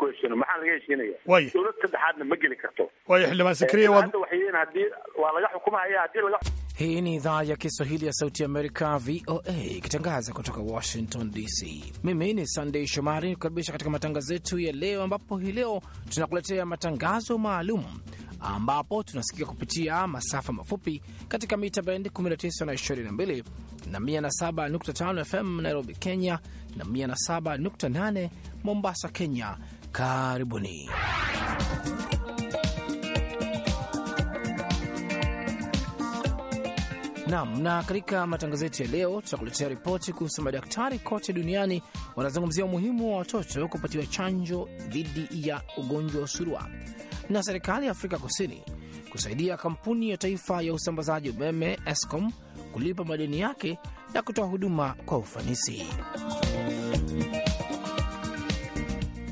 ku maxaa laga heshiinaya dowlad saddexaadna ma geli karto wayo xildhibaan eh, sakriya hadii waa laga xukumahaya hadii laga hii ni idhaa ya Kiswahili ya Sauti Amerika, VOA, ikitangaza kutoka Washington DC. Mimi ni Sandei Shomari kukaribisha katika matangazo yetu ya leo, ambapo hii leo tunakuletea matangazo maalum ambapo tunasikika kupitia masafa mafupi katika mita bendi 19 na 22 na 107.5 FM Nairobi, Kenya na 107.8 Mombasa, Kenya Karibuni. Nam na, na katika matangazo yetu ya leo tutakuletea ripoti kuhusu madaktari kote duniani wanazungumzia umuhimu wa watoto kupatiwa chanjo dhidi ya ugonjwa wa surua, na serikali ya Afrika Kusini kusaidia kampuni ya taifa ya usambazaji umeme Eskom kulipa madeni yake na kutoa huduma kwa ufanisi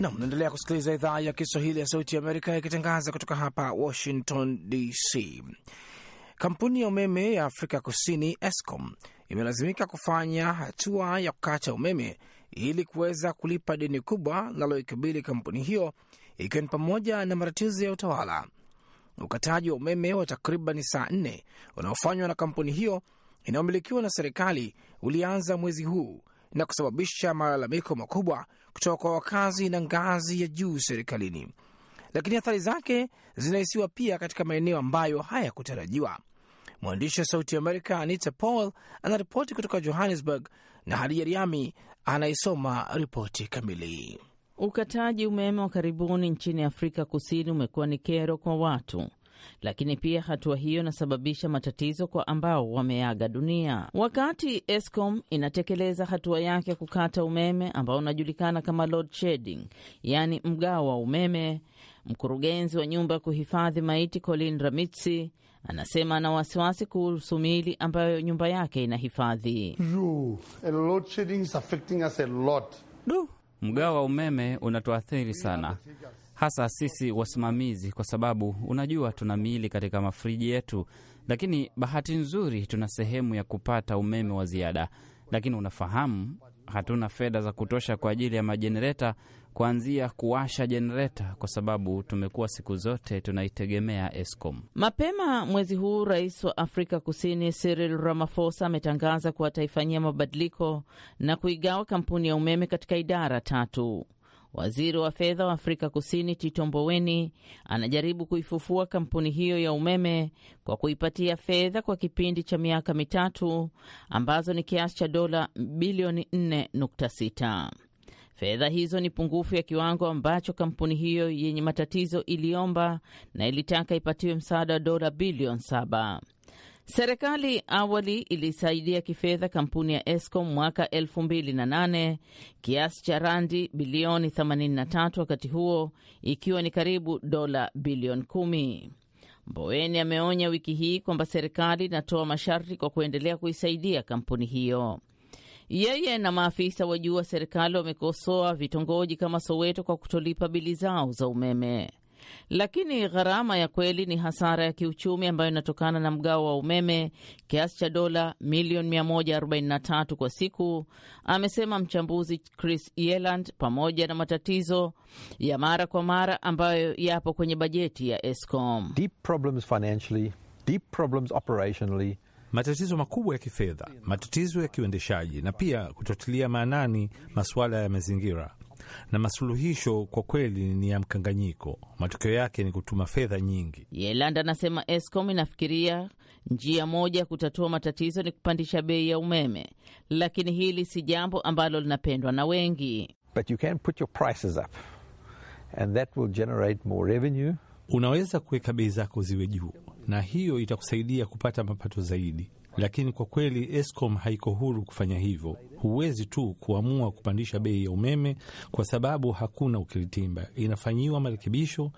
na mnaendelea kusikiliza idhaa ya Kiswahili ya Sauti ya Amerika ikitangaza kutoka hapa Washington DC. Kampuni ya umeme ya Afrika Kusini Eskom imelazimika kufanya hatua ya kukata umeme ili kuweza kulipa deni kubwa linaloikabili kampuni hiyo, ikiwa ni pamoja na matatizo ya utawala. Ukataji wa umeme wa takriban saa nne unaofanywa na kampuni hiyo inayomilikiwa na serikali ulianza mwezi huu na kusababisha malalamiko makubwa kutoka kwa wakazi na ngazi ya juu serikalini, lakini athari zake zinahisiwa pia katika maeneo ambayo hayakutarajiwa. Mwandishi wa Sauti ya Amerika Anita Paul anaripoti kutoka Johannesburg na Hadija Riami anaisoma ripoti kamili. Ukataji umeme wa karibuni nchini Afrika Kusini umekuwa ni kero kwa watu lakini pia hatua hiyo inasababisha matatizo kwa ambao wameaga dunia. Wakati Eskom inatekeleza hatua yake ya kukata umeme ambao unajulikana kama load shedding, yaani mgao wa umeme, mkurugenzi wa nyumba ya kuhifadhi maiti Colin Ramitsi anasema ana wasiwasi kuhusu miili ambayo nyumba yake inahifadhi. Du, mgao wa umeme unatuathiri sana hasa sisi wasimamizi, kwa sababu unajua tuna miili katika mafriji yetu, lakini bahati nzuri tuna sehemu ya kupata umeme wa ziada, lakini unafahamu hatuna fedha za kutosha kwa ajili ya majenereta kuanzia kuwasha jenereta kwa sababu tumekuwa siku zote tunaitegemea Eskom. Mapema mwezi huu rais wa Afrika Kusini Cyril Ramaphosa ametangaza kuwa ataifanyia mabadiliko na kuigawa kampuni ya umeme katika idara tatu. Waziri wa fedha wa Afrika Kusini Tito Mboweni anajaribu kuifufua kampuni hiyo ya umeme kwa kuipatia fedha kwa kipindi cha miaka mitatu ambazo ni kiasi cha dola bilioni 4.6. Fedha hizo ni pungufu ya kiwango ambacho kampuni hiyo yenye matatizo iliomba na ilitaka ipatiwe msaada wa dola bilioni 7. Serikali awali ilisaidia kifedha kampuni ya Eskom mwaka 2008 kiasi cha randi bilioni 83, wakati huo ikiwa ni karibu dola bilioni kumi. Mboweni ameonya wiki hii kwamba serikali inatoa masharti kwa kuendelea kuisaidia kampuni hiyo. Yeye na maafisa wa juu wa serikali wamekosoa vitongoji kama Soweto kwa kutolipa bili zao za umeme lakini gharama ya kweli ni hasara ya kiuchumi ambayo inatokana na mgao wa umeme kiasi cha dola milioni 143 kwa siku, amesema mchambuzi Chris Yeland, pamoja na matatizo ya mara kwa mara ambayo yapo kwenye bajeti ya Eskom. Deep problems financially, deep problems operationally matatizo makubwa ya kifedha, matatizo ya kiuendeshaji na pia kutotilia maanani masuala ya mazingira na masuluhisho kwa kweli ni ya mkanganyiko. Matokeo yake ni kutuma fedha nyingi. Yelanda anasema Eskom inafikiria njia moja ya kutatua matatizo ni kupandisha bei ya umeme, lakini hili si jambo ambalo linapendwa na wengi. But you can put your prices up and that will generate more revenue. Unaweza kuweka bei zako ziwe juu na hiyo itakusaidia kupata mapato zaidi lakini kwa kweli ESCOM haiko huru kufanya hivyo. Huwezi tu kuamua kupandisha bei ya umeme kwa sababu hakuna ukiritimba. Inafanyiwa marekebisho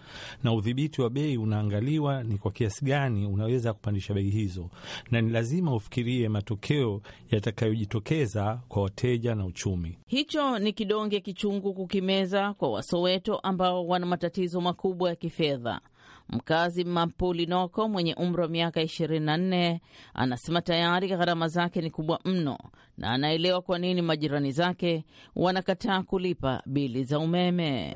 na udhibiti wa bei unaangaliwa ni kwa kiasi gani unaweza kupandisha bei hizo, na ni lazima ufikirie matokeo yatakayojitokeza kwa wateja na uchumi. Hicho ni kidonge kichungu kukimeza kwa Wasoweto ambao wana matatizo makubwa ya kifedha. Mkazi Mapuli Noko mwenye umri wa miaka 24 anasema tayari gharama zake ni kubwa mno na anaelewa kwa nini majirani zake wanakataa kulipa bili za umeme.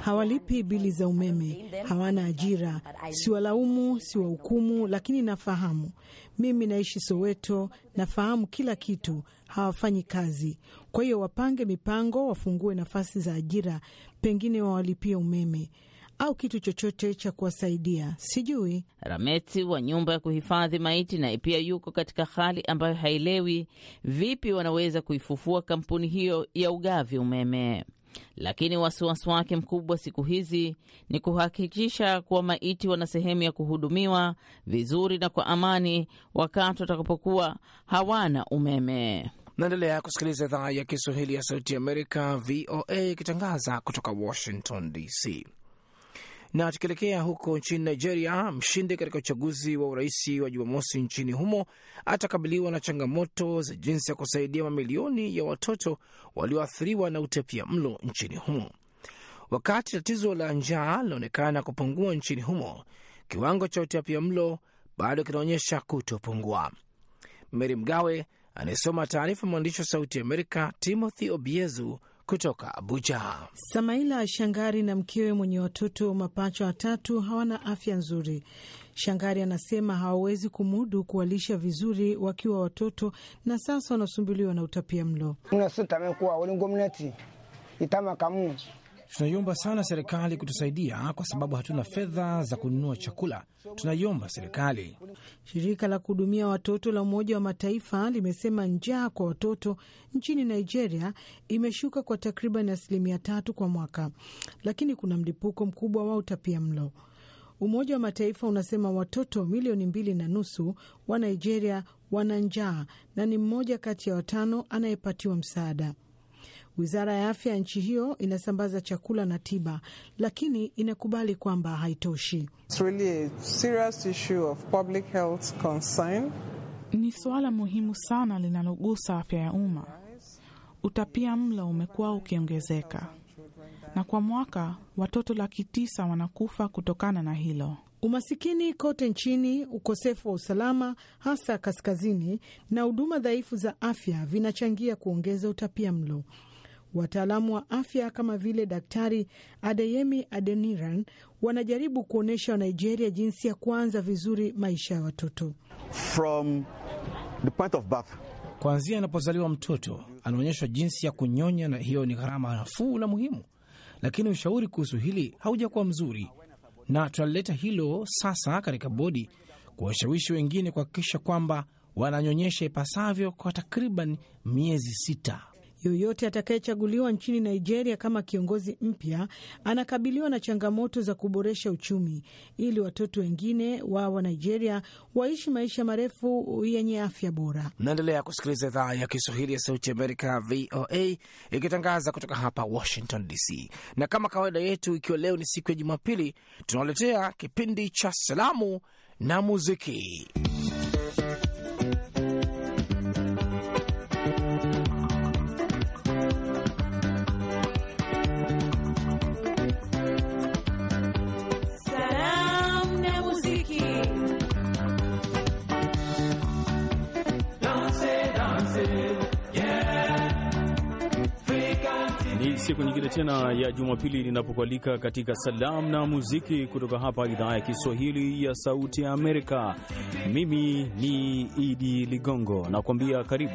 Hawalipi bili za umeme, hawana ajira. Siwalaumu, siwahukumu, lakini nafahamu mimi naishi Soweto, nafahamu kila kitu. Hawafanyi kazi, kwa hiyo wapange mipango, wafungue nafasi za ajira, pengine wawalipie umeme au kitu chochote cha kuwasaidia sijui. Rameti wa nyumba ya kuhifadhi maiti naye pia yuko katika hali ambayo haelewi vipi wanaweza kuifufua kampuni hiyo ya ugavi umeme, lakini wasiwasi wake mkubwa siku hizi ni kuhakikisha kuwa maiti wana sehemu ya kuhudumiwa vizuri na kwa amani wakati watakapokuwa hawana umeme. Naendelea kusikiliza idhaa ya Kiswahili ya Sauti ya Amerika, VOA, ikitangaza kutoka Washington DC. Na tukielekea huko nchini Nigeria, mshindi katika uchaguzi wa urais wa Jumamosi nchini humo atakabiliwa na changamoto za jinsi ya kusaidia mamilioni ya watoto walioathiriwa na utapia mlo nchini humo. Wakati tatizo la njaa linaonekana kupungua nchini humo, kiwango cha utapia mlo bado kinaonyesha kutopungua. Meri Mgawe anayesoma taarifa mwandishi wa Sauti ya Amerika Timothy Obiezu kutoka Abuja. Samaila Shangari na mkewe mwenye watoto mapacha watatu hawana afya nzuri. Shangari anasema hawawezi kumudu kuwalisha vizuri wakiwa watoto, na sasa wanasumbuliwa na utapia mlo. Tunaiomba sana serikali kutusaidia kwa sababu hatuna fedha za kununua chakula. Tunaiomba serikali. Shirika la kuhudumia watoto la Umoja wa Mataifa limesema njaa kwa watoto nchini Nigeria imeshuka kwa takriban asilimia tatu kwa mwaka, lakini kuna mlipuko mkubwa wa utapia mlo. Umoja wa Mataifa unasema watoto milioni mbili na nusu wa Nigeria wana njaa na ni mmoja kati ya watano anayepatiwa msaada. Wizara ya afya ya nchi hiyo inasambaza chakula na tiba, lakini inakubali kwamba haitoshi. Ni suala muhimu sana linalogusa afya ya umma. Utapia mlo umekuwa ukiongezeka, na kwa mwaka watoto laki tisa wanakufa kutokana na hilo. Umasikini kote nchini, ukosefu wa usalama hasa kaskazini, na huduma dhaifu za afya vinachangia kuongeza utapia mlo. Wataalamu wa afya kama vile Daktari Adeyemi Adeniran wanajaribu kuonyesha Nigeria jinsi ya kuanza vizuri maisha ya watoto From the point of birth. Kuanzia anapozaliwa mtoto anaonyeshwa jinsi ya kunyonya, na hiyo ni gharama nafuu na muhimu, lakini ushauri kuhusu hili haujakuwa mzuri, na tunalileta hilo sasa katika bodi kuwashawishi wengine kuhakikisha kwamba wananyonyesha ipasavyo kwa takriban miezi sita. Yoyote atakayechaguliwa nchini Nigeria kama kiongozi mpya anakabiliwa na changamoto za kuboresha uchumi ili watoto wengine wa wa Nigeria waishi maisha marefu yenye afya bora. Naendelea kusikiliza idhaa ya Kiswahili ya Sauti Amerika, VOA, ikitangaza kutoka hapa Washington DC, na kama kawaida yetu, ikiwa leo ni siku ya Jumapili, tunawaletea kipindi cha salamu na muziki. siku nyingine tena ya Jumapili linapokualika katika salamu na muziki kutoka hapa idhaa ya Kiswahili ya Sauti ya Amerika. Mimi ni Idi Ligongo nakuambia karibu.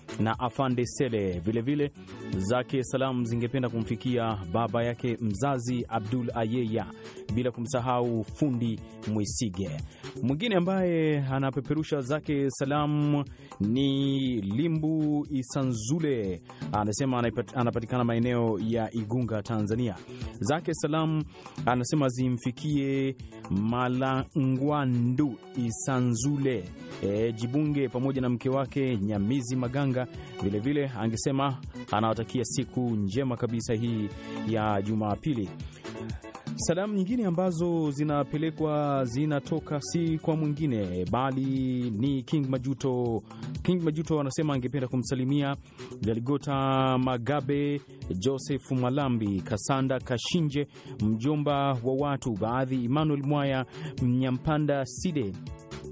na Afande Sele. Vilevile zake salamu zingependa kumfikia baba yake mzazi Abdul Ayeya, bila kumsahau fundi Mwisige. Mwingine ambaye anapeperusha zake salamu ni Limbu Isanzule, anasema anapatikana maeneo ya Igunga, Tanzania. Zake salamu anasema zimfikie Malangwandu Isanzule, e, Jibunge pamoja na mke wake Nyamizi Maganga Afrika. Vilevile angesema anawatakia siku njema kabisa hii ya Jumapili. Salamu nyingine ambazo zinapelekwa zinatoka si kwa mwingine bali ni King Majuto. King Majuto anasema angependa kumsalimia Galigota Magabe, Joseph Malambi, Kasanda Kashinje, mjomba wa watu baadhi, Emmanuel Mwaya, Mnyampanda Side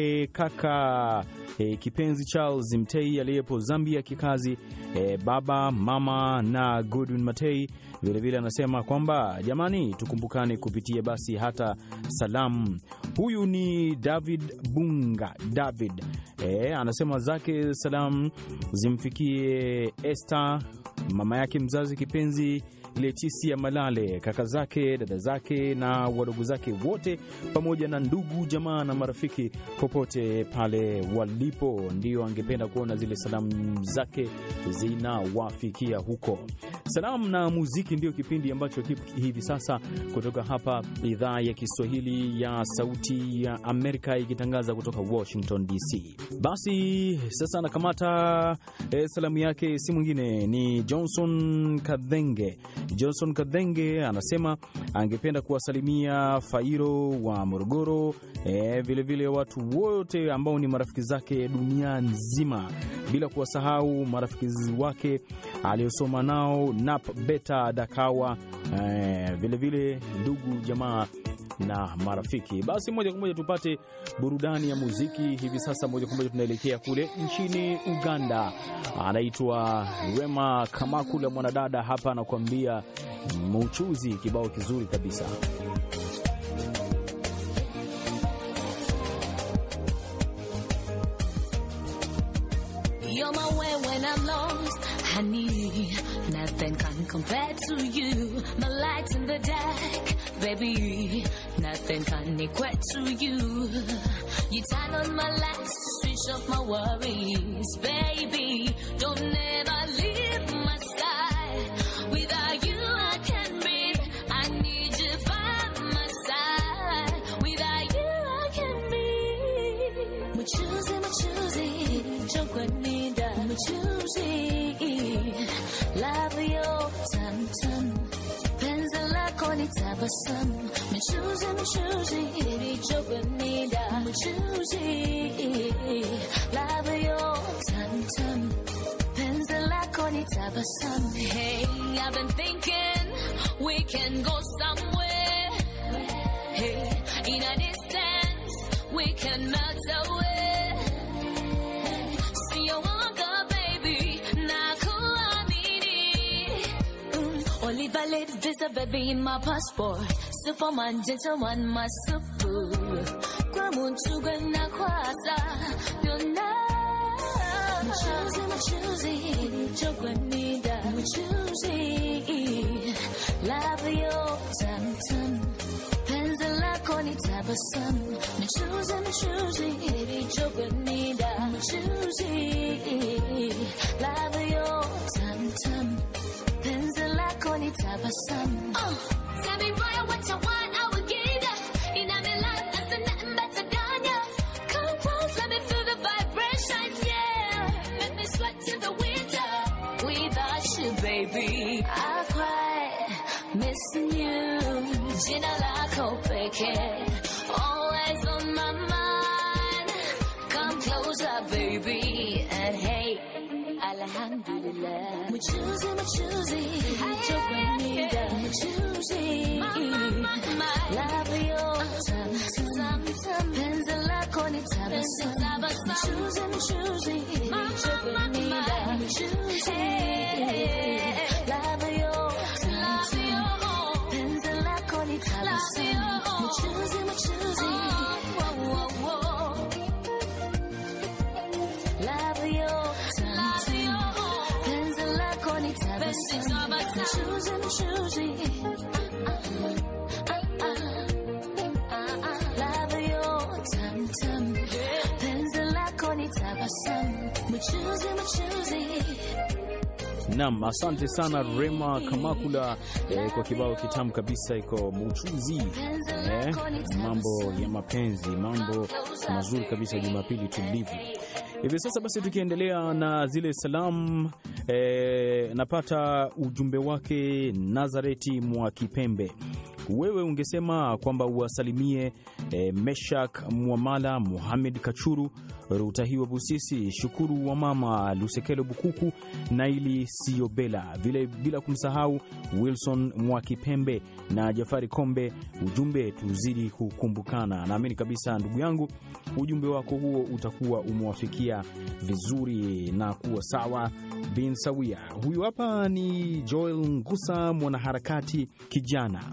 Eh, kaka e, kipenzi Charles Mtei aliyepo Zambia kikazi e, baba mama na Godwin Matei vilevile anasema kwamba jamani, tukumbukane kupitia basi hata salamu. Huyu ni David Bunga David e, anasema zake salamu zimfikie Esther mama yake mzazi kipenzi Leticia Malale, kaka zake, dada zake na wadogo zake wote, pamoja na ndugu jamaa na marafiki popote pale walipo, ndiyo angependa kuona zile salamu zake zinawafikia huko. Salamu na muziki ndio kipindi ambacho kipo hivi sasa kutoka hapa idhaa ya Kiswahili ya Sauti ya Amerika ikitangaza kutoka Washington DC. Basi sasa anakamata eh, salamu yake si mwingine ni Johnson Kadhenge Johnson Kadhenge anasema angependa kuwasalimia Fairo wa Morogoro, vilevile vile watu wote ambao ni marafiki zake dunia nzima, bila kuwasahau marafiki wake aliyosoma nao nap beta Dakawa, vilevile vile ndugu jamaa na marafiki. Basi moja kwa moja tupate burudani ya muziki hivi sasa. Moja kwa moja tunaelekea kule nchini Uganda, anaitwa Rema Kamakula, mwanadada hapa anakuambia mchuzi, kibao kizuri kabisa. I need. Nothing can compare to you. My light in the dark, baby. Nothing can equate to you. You turn on my lights, switch off my worries, baby. Don't ever Babasam Mình choosy, mình choosy Baby 조금이다 Mình choosy Labiyo Tantam Pensalakoni tabasam Hey, I've been thinking We can go somewhere Hey, in a distance We can melt away latest diss of baby in my passport. Superman, gentleman, my super. Kwa muntu gwena kwasa, yona. I'm choosing, I'm choosing, chokwanida. I'm choosing, love you, tam tam. Penzi lako nitabasamu. I'm choosing, I'm choosing, baby, chokwanida. I'm choosing, love you, tam tam lako nitabasamu. Oh, tell me I want you want, I will give ya. You know me like there's nothing Come let me feel the vibrations, yeah. Make me sweat the winter. Without you, baby, I cry, missing you. Jina lako peke, always on my mind. Come closer, baby alhamdulillah Mchuzi, mchuzi, chokwenida Mchuzi, love and Penzi lako ni choosing, Mchuzi, mchuzi, chokwenida Mchuzi, Uh, uh, uh, Nam, asante sana Rema Kamakula eh, kwa kibao kitamu kabisa iko muchuzi eh, mambo ya mapenzi, mambo mazuri kabisa, Jumapili tulivu hivi sasa. Basi tukiendelea na zile salamu E, napata ujumbe wake Nazareti mwa Kipembe wewe ungesema kwamba uwasalimie e, Meshak Mwamala, Muhamed Kachuru, Rutahiwa Busisi, Shukuru wa Mama Lusekelo, Bukuku Naili Siobela, vile bila kumsahau Wilson Mwakipembe na Jafari Kombe. Ujumbe tuzidi kukumbukana. Naamini kabisa ndugu yangu, ujumbe wako huo utakuwa umewafikia vizuri na kuwa sawa bin sawia. Huyu hapa ni Joel Ngusa, mwanaharakati kijana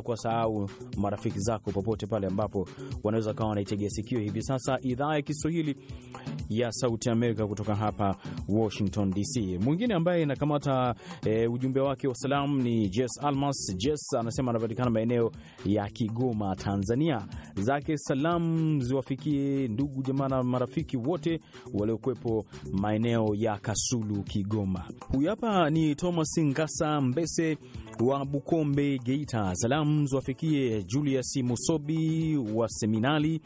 bila kuwasahau marafiki zako popote pale ambapo wanaweza kawa wanaitegea sikio hivi sasa idhaa ya Kiswahili ya Sauti Amerika kutoka hapa Washington DC. Mwingine ambaye inakamata e, ujumbe wake wa salam ni Jess Almas. Jess anasema anapatikana maeneo ya Kigoma, Tanzania. Zake salam ziwafikie ndugu jamaa na marafiki wote waliokuwepo maeneo ya Kasulu, Kigoma. Huyu hapa ni Thomas Ngasa Mbese wa Bukombe, Geita. Salam salamu afikie Julius Musobi wa seminari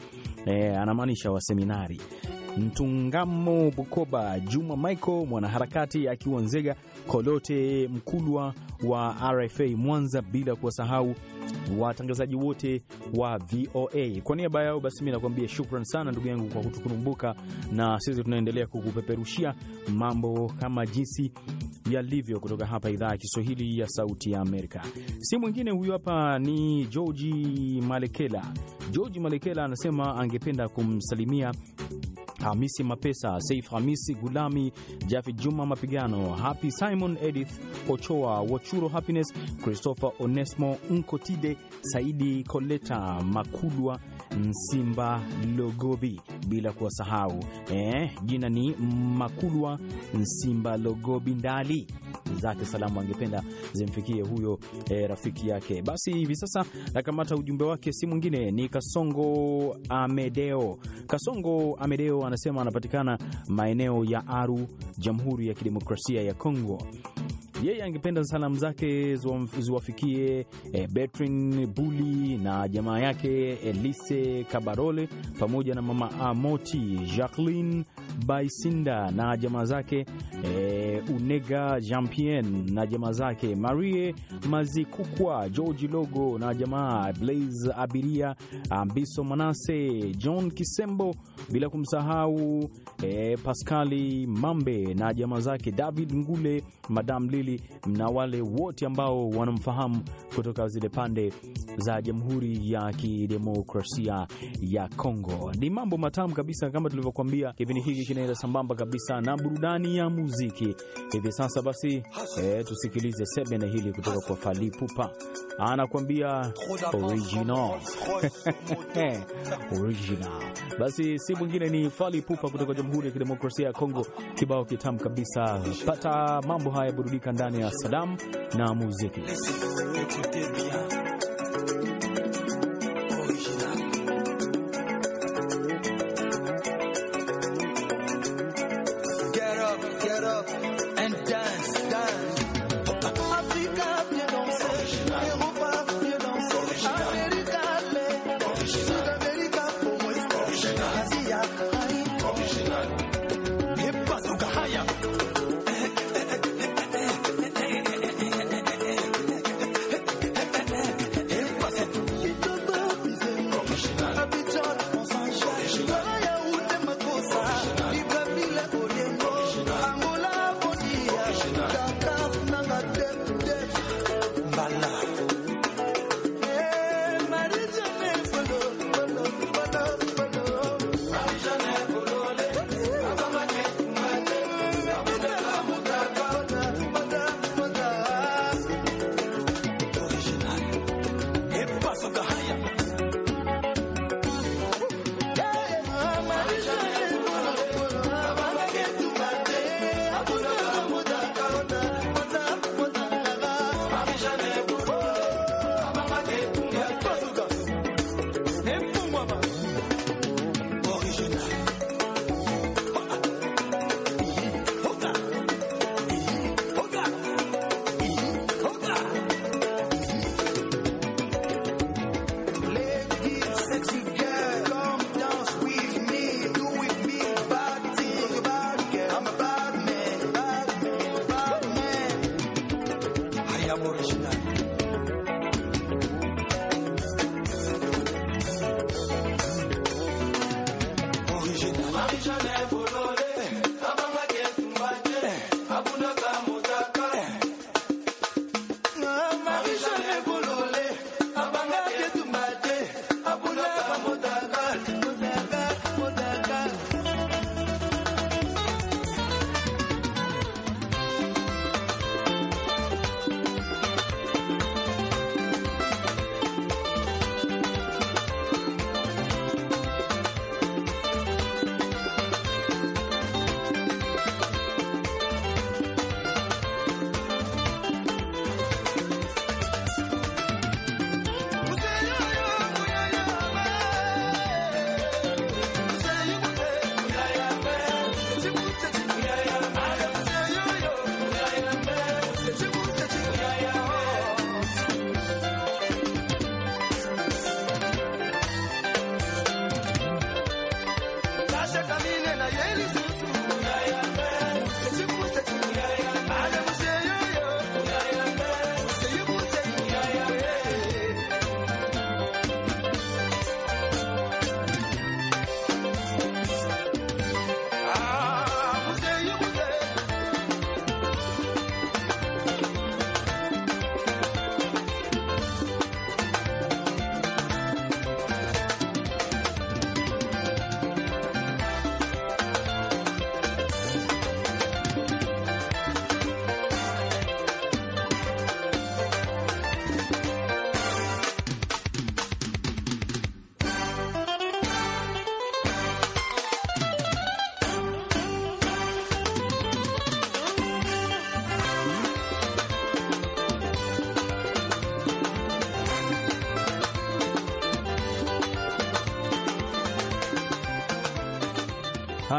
e, anamaanisha wa seminari Mtungamo Bukoba, Juma Michael mwanaharakati akiwa Nzega, Kolote Mkulwa wa RFA Mwanza, bila kuwasahau watangazaji wote wa VOA. Kwa niaba yao basi mi nakuambia shukran sana ndugu yangu kwa kutukumbuka, na sisi tunaendelea kukupeperushia mambo kama jinsi yalivyo kutoka hapa idhaa ya Kiswahili ya Sauti ya Amerika. Si mwingine huyu hapa ni georgi Malekela. georgi Malekela anasema angependa kumsalimia Hamisi Mapesa, Saif Hamisi Gulami, Jafi Juma Mapigano, Happy Simon, Edith Ochoa, Wachuro Happiness, Christopher Onesmo Nkotide, Saidi Koleta Makulwa Nsimba Logobi, bila kuwasahau eh, jina ni Makulwa Nsimba Logobi Ndali zake salamu angependa zimfikie huyo eh, rafiki yake. Basi hivi sasa nakamata ujumbe wake, si mwingine ni Kasongo Amedeo. Kasongo Amedeo anasema anapatikana maeneo ya Aru, Jamhuri ya Kidemokrasia ya Kongo. Yeye angependa salamu zake ziwafikie e, eh, Betrin Buli na jamaa yake Elise Kabarole pamoja na mama Amoti Jacqueline Baisinda na jamaa zake e, Unega Jampien na jamaa zake, Marie Mazikukwa, George Logo na jamaa, Blaze Abiria, Ambiso Manase, John Kisembo, bila kumsahau e, eh, Paskali Mambe na jamaa zake, David Ngule, Madam Lili na wale wote ambao wanamfahamu kutoka zile pande za Jamhuri ya Kidemokrasia ya Kongo. Ni mambo matamu kabisa kama tulivyokuambia kipindi hiki kinaenda sambamba kabisa na burudani ya muziki hivi sasa. Basi eh, tusikilize sebene hili kutoka kwa Fali Pupa, anakuambia original original. Basi si mwingine ni Fali Pupa kutoka Jamhuri ya Kidemokrasia ya Kongo, kibao kitamu kabisa. Pata mambo haya, burudika ndani ya Sadam na muziki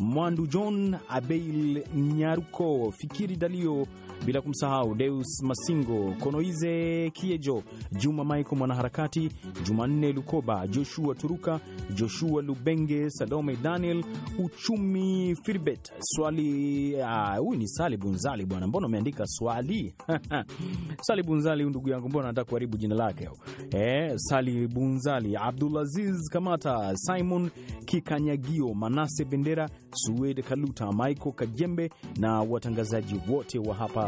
Mwandu John Abeil Nyaruko Fikiri Dalio bila kumsahau Deus Masingo, Konoize Kiejo, Juma Maiko mwanaharakati, Jumanne Lukoba, Joshua Turuka, Joshua Lubenge, Salome Daniel Uchumi, Firbet Swali. Ah, huyu uh, ni Sali Bunzali bwana, mbona umeandika swali? Sali Bunzali ndugu yangu, mbona nataka kuharibu jina lake eh? Sali Bunzali, Abdulaziz Kamata, Simon Kikanyagio, Manase Bendera, Suede Kaluta, Maiko Kajembe na watangazaji wote wa hapa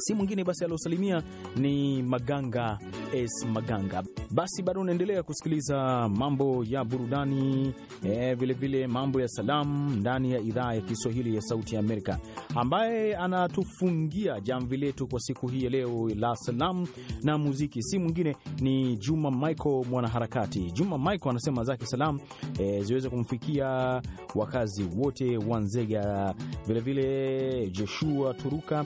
si mwingine basi aliosalimia ni Maganga S Maganga. Basi bado unaendelea kusikiliza mambo ya burudani vilevile eh, vile mambo ya salamu ndani ya idhaa ya Kiswahili ya Sauti ya Amerika. Ambaye anatufungia jamvi letu kwa siku hii ya leo la salamu na muziki si mwingine ni Juma Michael, mwanaharakati. Juma Michael anasema zake salamu e, ziweze kumfikia wakazi wote wa Nzega, vilevile Joshua Turuka,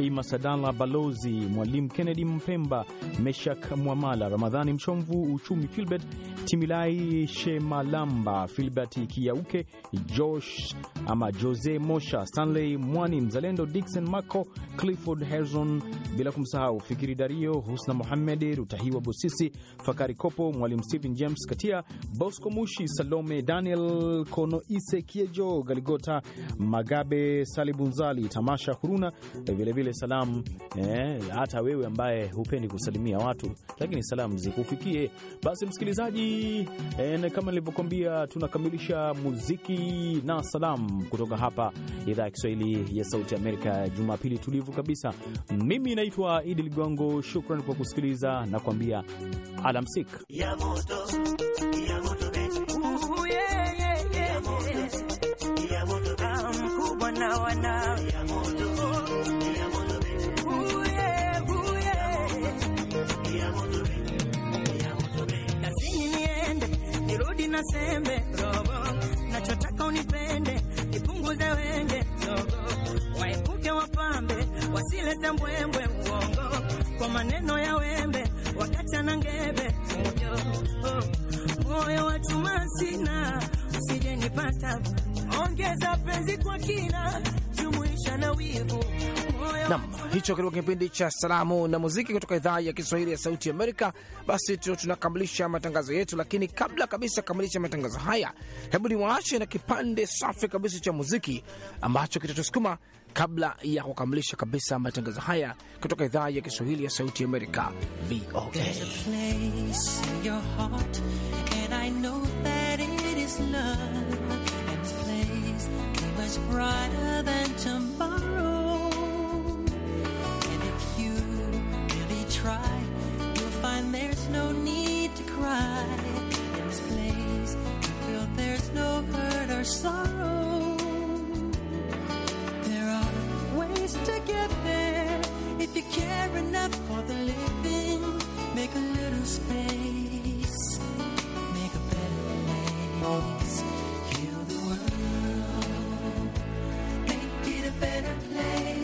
imasadala Balozi Mwalimu Kennedy Mpemba, Meshak Mwamala, Ramadhani Mcho Chomvu Uchumi, Filbert Timilai Shemalamba, Filbert Kiauke, Josh ama Jose Mosha, Stanley Mwani Mzalendo, Dixon Mako, Clifford Herzon, bila kumsahau Fikiri Dario, Husna Mohamed Rutahiwa, Bosisi Fakari Kopo, Mwalimu Stephen James Katia, Bosco Mushi, Salome Daniel Konoise, Kiejo Galigota, Magabe Salibunzali, Tamasha Huruna, vilevile salamu eh, hata eh, wewe ambaye hupendi kusalimia watu, lakini salamu zikufikia tusikie. Basi msikilizaji, e, kama nilivyokuambia, tunakamilisha muziki na salamu kutoka hapa idhaa ya Kiswahili ya Sauti Amerika, Jumapili tulivu kabisa. Mimi naitwa Idi Ligongo, shukran kwa kusikiliza na kuambia alamsik yeah, yeah, yeah. na robo, nachotaka unipende, nipunguze wende robo, waepuke wapambe, wasilete mbwembwe uongo, kwa maneno ya wembe wakati na ngebe moyo oh, moyo wa chuma sina, usije nipata, ongeza penzi kwa kina, jumuisha na wivu Nam, hicho kilikuwa kipindi cha salamu na muziki kutoka idhaa ya Kiswahili ya Sauti ya Amerika. Basi tu tunakamilisha matangazo yetu, lakini kabla kabisa kukamilisha matangazo haya, hebu niwaache na kipande safi kabisa cha muziki ambacho kitatusukuma kabla ya kukamilisha kabisa matangazo haya kutoka idhaa ya Kiswahili ya Sauti Amerika, VOA. there's no need to cry in this place. I feel there's no hurt or sorrow. There are ways to get there if you care enough for the living. Make a little space, make a better place. Heal the world, make it a better place.